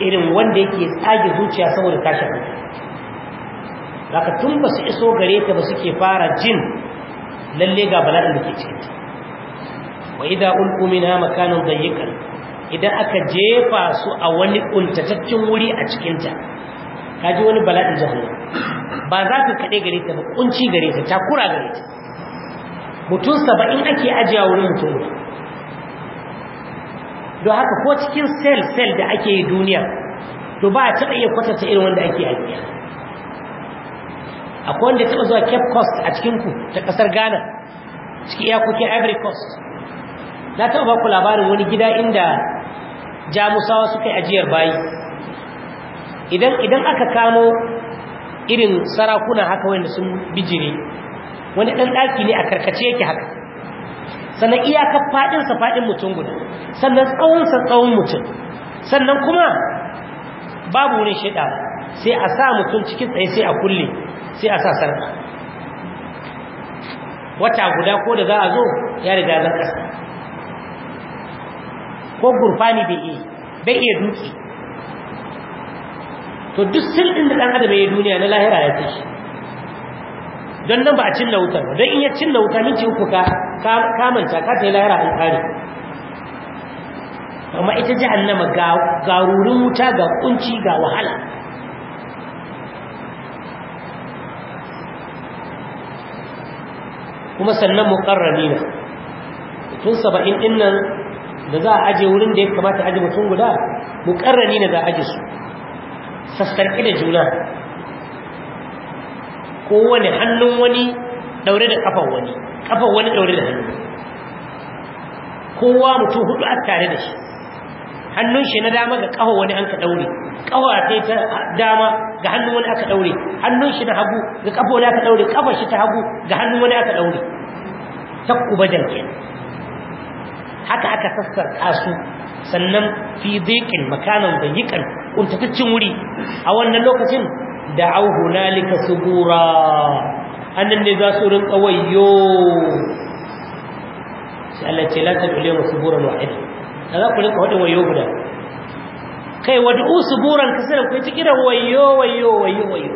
irin wanda yake tsage zuciya saboda tashin hankali zaka tun ba su iso gare ta ba suke fara jin lalle ga bala'in da ke cikin ta wa idza ulqu minha makanan zayyukan idan aka jefa su a wani kuntataccen wuri a cikin ta kaji wani bala'in jahannam ba za ka kade gare ta ba kunci gare ta takura gare ta mutum 70 ake ajiya wurin mutum don haka ko cikin sel sel da ake yi duniya to ba a taɓa iya kwatanta irin wanda ake a akwai wanda taɓa zuwa cape coast a cikinku ta ƙasar ghana cikin iyakokin ivory coast na taɓa ku labarin wani gida inda jamusawa suka yi ajiyar bayi idan aka kamo irin sarakuna haka wanda sun bijire wani ɗan ɗaki ne a karkace yake haka sannan iyakar faɗinsa faɗin mutum guda sannan tsawonsa tsawon mutum sannan kuma babu wurin shida sai a sa mutum cikin tsaye sai a kulle sai a sa sarka wata guda ko da za a zo ya riga zan ƙasa ko gurfani bai iya bai iya duki to duk sirɗin da ɗan adam ya yi duniya na lahira ya fi shi don nan ba a cinna wuta ba don in ya cinna wuta minti uku ka kamanta ka ta yi lahira an kare amma ita jahannama ga rurin wuta ga kunci ga wahala kuma sannan mukarrami nina, tun saba'in din nan da za a aje wurin da ya kamata aje mutum guda mukarrami ne za a aje su sassarki da juna ko wani hannun wani daure da kafan wani kafan wani daure da hannun kowa mutum hudu a tare da shi hannun shi na dama ga kafa wani an ka daure kafa sai ta dama ga hannun wani aka daure hannun shi na hagu ga kafa wani aka daure kafa shi ta hagu ga hannun wani aka daure takku bajan kenan haka aka sassar kasu sannan fi zikin makanan dayiqan kuntataccen wuri a wannan lokacin da'aw hunalika subura annan ne za su rinka wayo sai Allah ce la tad'u suburan wahid za ku rinka wadin wayo guda kai wad'u suburan kasar ku ci kiran wayo wayo wayo wayo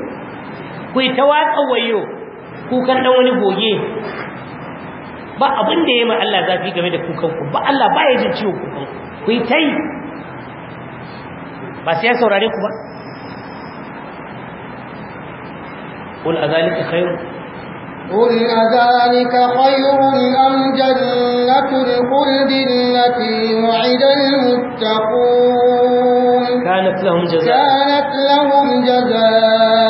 ku ta watsa wayo kukan dan wani goge ba abin da ya ma Allah zafi game da kukanku ba Allah ba ya jin ciwon kukanku ku yi ta yi ba sai ya saurare ku ba قل أذلك خير قل أذلك خير أم جنة الخلد التي وعد المتقون كانت لهم جزاء كانت لهم جزاء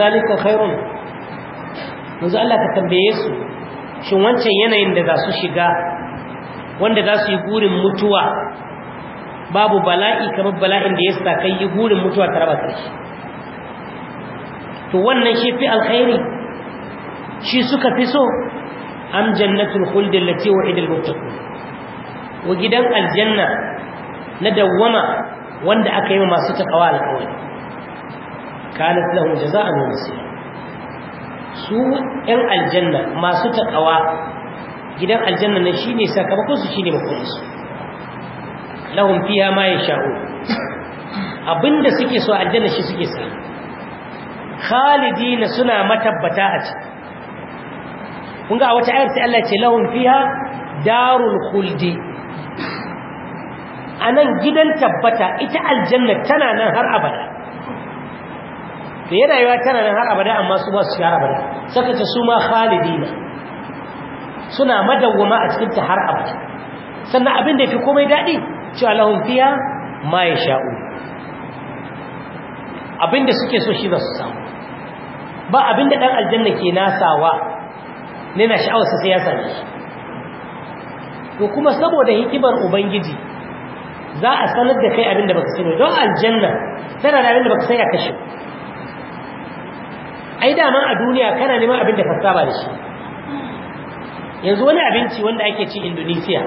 zalika khairun yanzu Allah ka tambaye su shin wancan yanayin da za su shiga wanda za su yi gurin mutuwa babu bala'i kamar bala'in da ya sa kai yi gurin mutuwa ta raba karshe to wannan shi fi alkhairi shi suka fi so am jannatul khuld allati wa'ida almuttaqun wa gidan aljanna na dawwama wanda aka yi masu takawa alƙawari kanat lahum jazaa'an wa nasiya su yan aljanna masu takawa gidan aljanna ne shine sakamakon su shine makomin su lahum fiha ma yasha'u abinda suke so aljanna shi suke sa khalidina suna matabbata a ciki kun ga wata ayar sai Allah ce lahum fiha darul khuldi anan gidan tabbata ita aljanna tana nan har abada da yana rayuwa tana nan har abada amma su ba su shiga har abada saka ta su ma khalidina suna madawwama a cikin ta har abada sannan abin da fi komai daɗi cewa lahum fiya ma sha'u abin da suke so shi za su samu ba abin da ɗan aljanna ke nasawa ne na sha'awarsa sai ya same shi to kuma saboda hikimar ubangiji za a sanar da kai abin da baka sani don aljanna tana da abin da baka sani a kashe ai daman a duniya kana neman abin da ka saba da shi yanzu wani abinci wanda ake ci Indonesia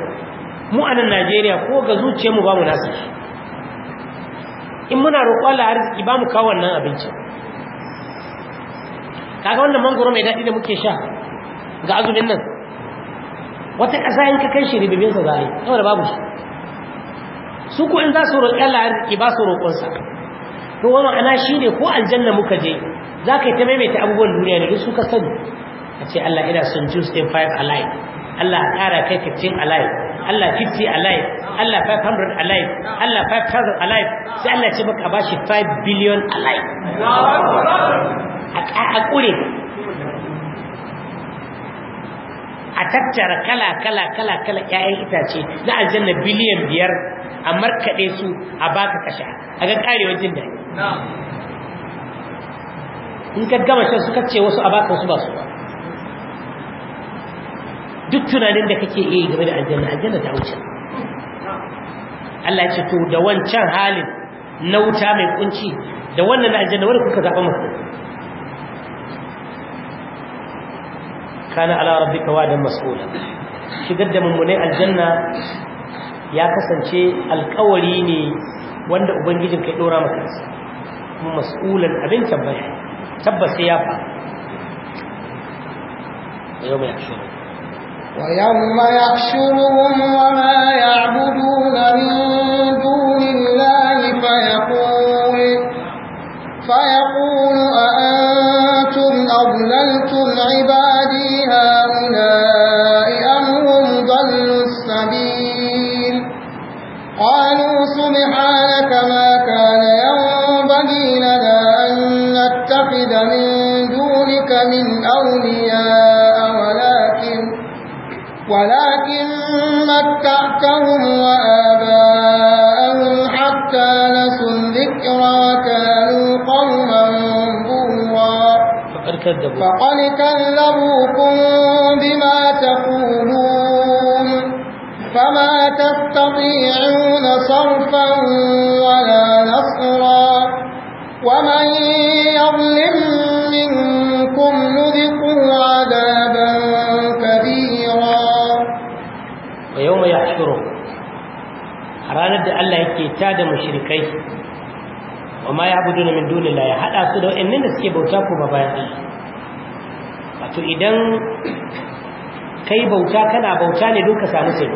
mu a nan Najeriya ko ga zuciyarmu ba mu nasu in muna roƙo Allah arziki ba mu kawo wannan abinci kaga wannan mangoro mai daɗi da muke sha ga azumin nan wata ƙasa in ka kai shi a yi yau da babu shi su ko in za su roƙi Allah arziki ba su roƙonsa to wani ana shi ne ko aljanna muka je za ka yi ta maimaita abubuwan duniya ne duk suka sani a ce Allah ina son juice ɗin five alive Allah ƙara kai fifteen alive Allah fifty alive Allah five hundred alive Allah five thousand alive sai Allah ce maka ba shi five billion alive a ƙure a tattara kala kala kala kala ƴaƴan itace na aljanna biliyan biyar a markaɗe su a baka kasha a ga ƙarewa jin daɗi in ka gama shan suka ce wasu a baka wasu ba su ba duk tunanin da kake iya game da aljanna aljanna ta wuce Allah ya ce to da wancan halin na wuta mai kunci da wannan na aljanna wani kuka zaɓa masa kana ala rabbika wadan mas'ula shigar da mummunai aljanna ya kasance alkawari ne wanda ubangijin kai dora maka kuma mas'ulan abin tambaya tabbas ya faru yawma yashuru wa wa ma ya'buduna min ولكن متعتهم وآباءهم حتى نسوا الذكر وكانوا قوما بورا فقد كذبوكم بما تقولون فما تستطيعون صرفا ولا نصرا ومن Allah yake ta da mushrikai wa ma ya'buduna min dunillahi ya hada su da wayannan da suke bauta ko ba bayan A wato idan kai bauta kana bauta ne don ka samu sai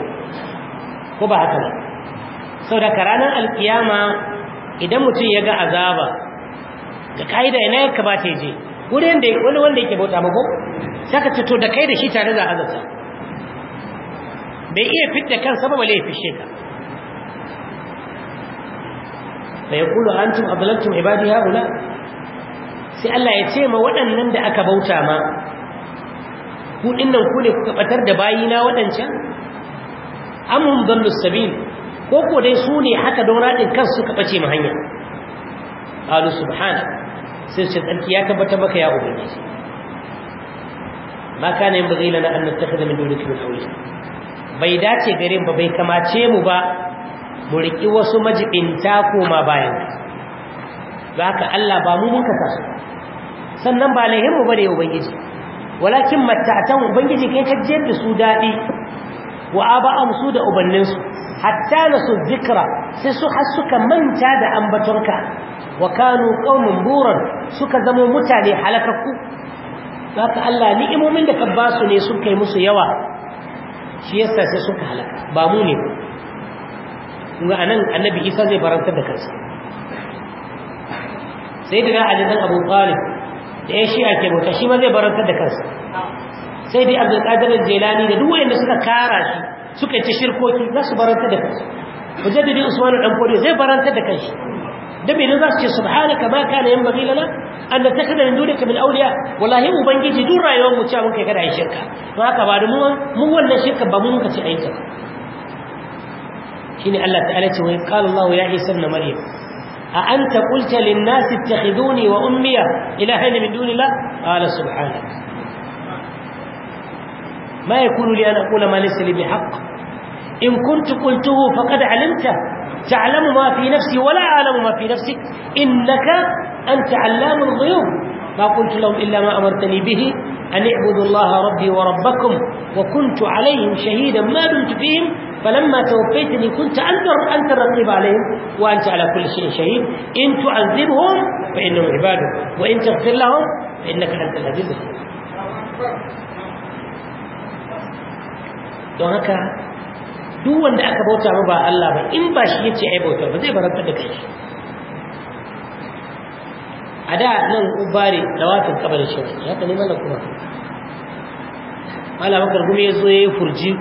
ko ba haka ba saboda ranar alkiyama idan mutum ya ga azaba ga kaida ina ya kamata je wurin da wani wanda yake bauta ba ko saka to da kai da shi tare da azaba bai iya fitta kansa ba bale ya fishe ka fa a antum adlaltum ibadi haula sai Allah ya ce ma waɗannan da aka bauta ma ku dinnan ku ne kuka batar da bayina waɗancan amun dallu sabil ko ko dai su ne haka don radin kansu suka bace mu hanya qalu subhana sai ce ya tabbata maka ya ubangiji ma kana yin bazilana an nattakhidha min dunika min awliya bai dace gare mu ba bai kamace mu ba mu riƙi wasu majibinta koma bayan za Allah ba mu muka kasu sannan ba laihinmu ba da ubangiji walakin matatan ubangiji kai kajiyar da su daɗi wa aba'am su da ubanninsu hatta na su zikira sai su har suka manta da ambatonka wa kanu ƙaunin buran suka zamo mutane halakakku za Allah ni'imomin da ka ba su ne suka yi musu yawa shi yasa sai suka halaka ba mu ne ba kuma anan annabi isa zai barantar da kansa sai da ali dan abu talib da ya shi ake bauta shi ma zai barantar da kansa sai dai abdul qadir al-jilani da duk wanda suka kara shi suka ci shirkoki za su barantar da kansu mujaddidi usman dan kodi zai barantar da kansa. da me za su ce subhanaka ma kana yanbaghi lana an nattakhidha min dunika min awliya wallahi ubangiji duk rayuwar mu cewa mun kai kada shirka to haka ba da mu mun wannan shirka ba mun muka ci ayyuka shine Allah ta'ala ce wai qala Allah ya Isa ibn Maryam a anta qulta lin nas ittakhiduni wa ummi ilahan min dunillah qala subhanak ma yakunu li an aqula ma laysa li bihaq in kuntu qultuhu faqad alimta ta'lamu ma fi nafsi wa la a'lamu ma fi nafsik innaka anta 'allamul ghuyub ما قلت لهم إلا ما أمرتني به أن اعبدوا الله ربي وربكم وكنت عليهم شهيدا ما دمت فيهم فلما توفيتني كنت أنت أنت الرقيب عليهم وأنت على كل شيء شهيد إن تعذبهم فإنهم عبادك وإن تغفر لهم فإنك أنت العزيز don haka duk wanda aka bauta ba Allah ba in ba shi yace ai bautar ba zai baranta da kai a da nan ubari dawatin kabarin shi ya ne mallan kuma malamin gargumi ya zo ya yi furji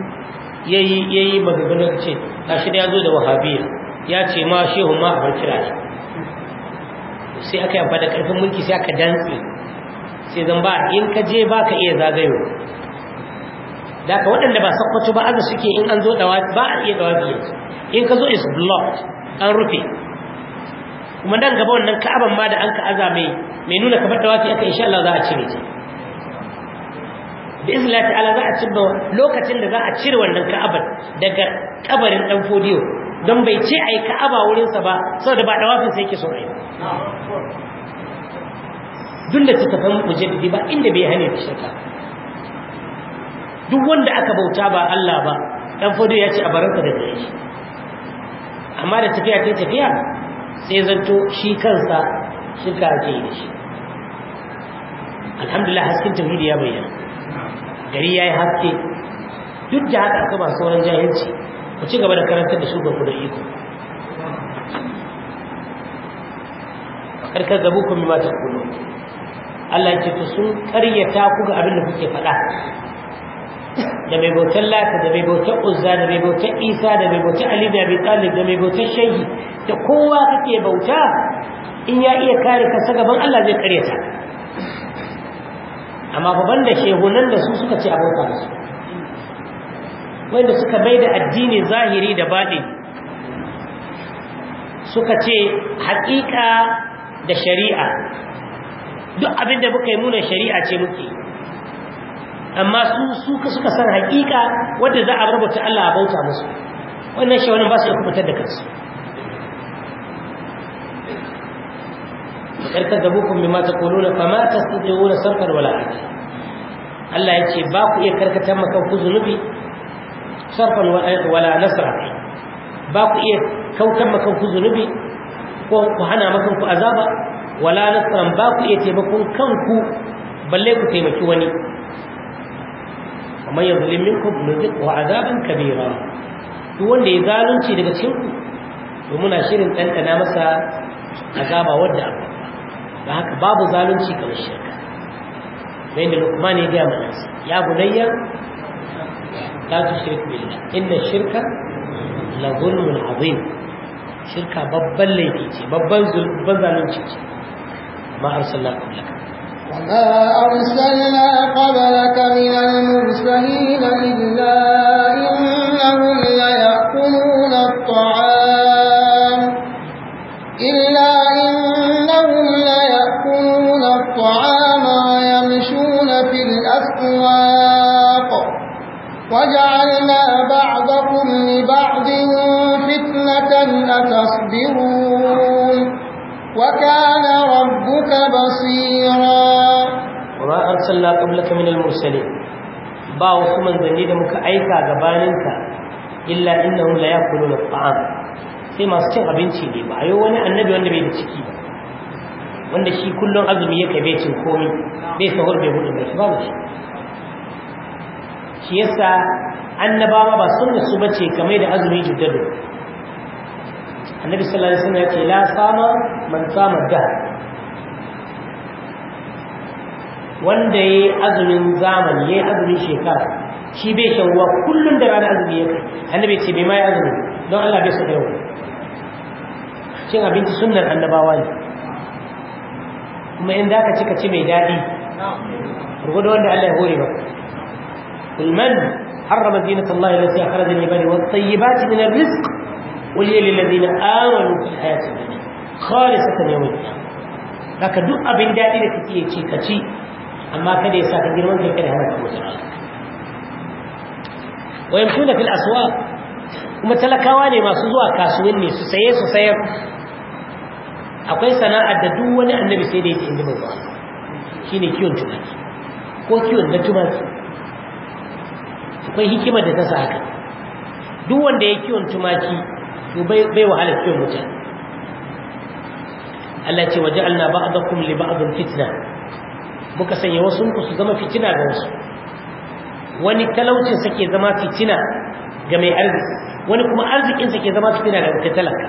yayi yayi maganganu ka ce gashi da yazo da wahabiyya ya ce ma shehu ma a barkira shi sai aka yamfa da karfin mulki sai aka dantse sai zan ba in ka je ba ka iya zagayo da ka waɗanda ba sakwato ba aza suke in an zo da wa ba a iya dawa biyu in ka zo is blocked an rufe kuma dan gaba wannan ka'aban ma da an ka aza mai mai nuna kamar dawafi aka insha Allah za a cire shi da izla ta'ala za a cibba lokacin da za a cire wannan ka'abar daga kabarin dan fodiyo don bai ce ai ka'aba wurinsa ba saboda ba dawafin sai yake so ai duk da tattafan mujaddidi ba inda bai hane da shirka duk wanda aka bauta ba Allah ba dan fodiyo ya ce a baranka da gare shi amma da tafiya ta tafiya sai zanto shi kansa shirka ake yi da shi alhamdulillah haskin tauhidi ya bayyana gari ya yi haske duk da haka aka ba sauran jahilci ku ci gaba da karantar da ga da iko karkar da bukun mata kullum Allah ya ce sun karyata ku ga abin da kuke faɗa da mai bautar lata da mai bautar uzza da mai bautar isa da mai bautar ali da mai talib da mai bautar da kowa kake bauta in ya iya kare ka gaban Allah zai karyata amma baban da shehunan da su suka ce abokan su wanda suka bai da addini zahiri da baɗi suka ce haƙiƙa da shari'a duk abin da muka yi muna shari'a ce muke amma su suka suka san haƙiƙa wadda za a rubuta Allah a bauta musu wannan shehunan ba su iya kubutar da kansu fakar kadzabukum bima taquluna fama tastati'una sarfan wala adla Allah yace ba ku iya karkatar maka ku zunubi sarfan eh, wala nasra ba ku iya kaukan maka ku zunubi ko ku hana maka ku azaba wala nasra ba ku iya taimakon kanku balle ku taimaki wani ومن يظلم منكم wa azaban kabira duk wanda ya zalunci daga cikin ku to muna shirin ɗanɗana masa azaba wadda da haka babu zalunci kamar shirka bayan da lukman ya gaya mana ya bunayya la tushrik billah inna shirka la zulmun azim shirka babban laifi ce babban zalunci ce ma arsalna qablaka وما أرسلنا قبلك من المرسلين إلا وكان ربك بصيرا وما أرسلنا قبلك من المرسلين ba wasu manzanni da muka aika gabaninka illa innahum la yakuluna sai masu cin abinci ne ba ayo wani annabi wanda bai da ciki ba wanda shi kullum azumi yake bai cin komai bai sahur bai hudu bai ba shi shi yasa annabawa ba sunna su bace kamar da azumi juddado annabi sallallahu alaihi wasallam ya ce la sama man sama da wanda yayi azumin zamani yayi azumin shekara shi bai shan ruwa kullun da rana azumi yake annabi ce bai mai azumi don Allah bai so da yau cin abinci sunnar annabawa ne kuma in da ka ci ka ci mai daɗi rugudu wanda Allah ya hore ba kulman harrama zinata Allah ya lasi a kharar da ne bane wasu tsayyibati min rizq waliya lillazina amanu fil hayati dunya خالصة yawm al-qiyamah haka duk abin daɗi da kake ci ka ci amma kada ya sa ka girman kai kada hana ka mutu wa yamshuna fil kuma talakawa ne masu zuwa kasuwanni su saye su sayar akwai sana'ar da duk wani annabi sai da ya mai ba ne kiwon tumaki ko kiwon na tumaki akwai hikimar da ta sa haka duk wanda ya kiwon tumaki to bai wahala cikin mutum. Allah ce waje Allah ba alna ba'dakum li ba'din fitna muka sanya wasu ku su zama fitina ga wasu wani talaucin sa ke zama fitina ga mai arziki wani kuma arzikin sa ke zama fitina ga mai talaka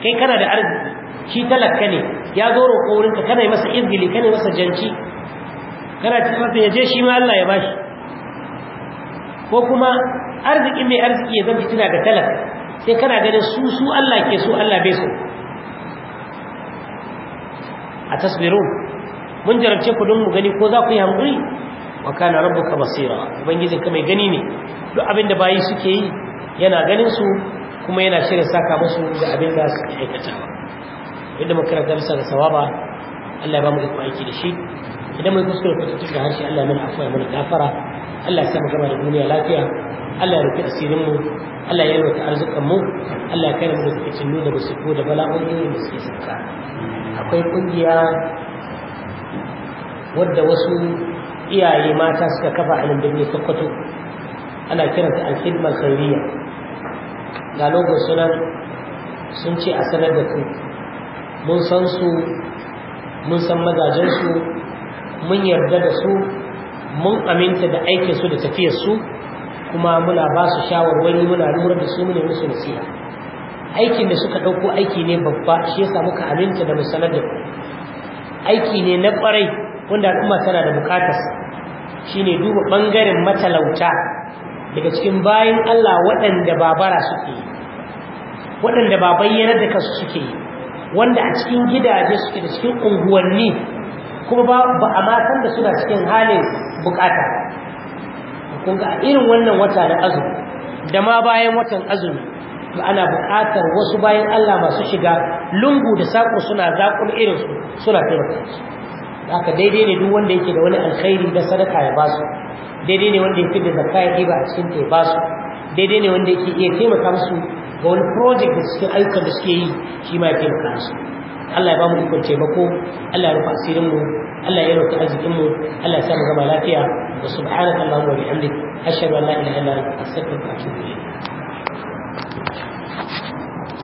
kai kana da arziki shi talaka ne ya zo roƙo wurin ka kana yi masa izgili kana yi masa janci kana tafi ya je shi ma Allah ya bashi ko kuma arziki mai arziki ya zama fitina ga talaka sai kana ganin su su Allah ke su Allah bai so a tasbiru mun jarabce ku don mu gani ko za ku yi hankuri wa kana rabbuka basira ubangijin ka mai gani ne duk abin da bayi suke yi yana ganin su kuma yana shirya saka musu da abin da suke aikata inda mun karanta bisa ga sawaba Allah ya ba mu da aiki da shi idan mun kuskure ku tuka harshe Allah ya mana afwa mana gafara Allah ya sa mu gama da duniya lafiya Allah ya rufe asirin mu Allah ya rufe arzikin mu Allah ya kare mu daga nuna da musiku da bala'o'i da suke sauka akwai kungiya wadda wasu iyaye mata suka kafa a nan birnin Sokoto ana kiranta ta khidma khawiyya ga logo sunan sun ce a sanar da ku mun san su mun san mazajen su mun yarda da su mun aminta da aikin su da tafiyar su kuma muna ba su shawarwari muna lura da su muna musu nasiha aikin da suka ɗauko aiki ne babba shi yasa muka aminta da musanar da aiki ne na ƙwarai wanda al'umma tana da bukatar shine duba bangaren matalauta daga cikin bayan Allah waɗanda babara suke waɗanda ba bayyana da kansu suke yi wanda a cikin gidaje suke da cikin unguwanni kuma ba a matan da suna cikin halin bukata Kunga a irin wannan wata na azumi da ma bayan watan azumi to ana buƙatar wasu bayan Allah masu shiga lungu da sako suna zakul irin su suna taimaka su haka daidai ne duk wanda yake da wani alkhairi da sadaka ya basu daidai ne wanda yake da zakka ya ɗiba a cikin ta ya basu daidai ne wanda yake iya taimaka musu ga wani project da suke aikata da suke yi shi ma ya taimaka musu Allah ya ba mu ikon taimako Allah ya rufa asirin mu Allah ya rufa arzikin mu Allah ya sa mu gama lafiya wa subhanaka allahumma wa bihamdik ashhadu an la ilaha illa anta astaghfiruka wa atubu ilayk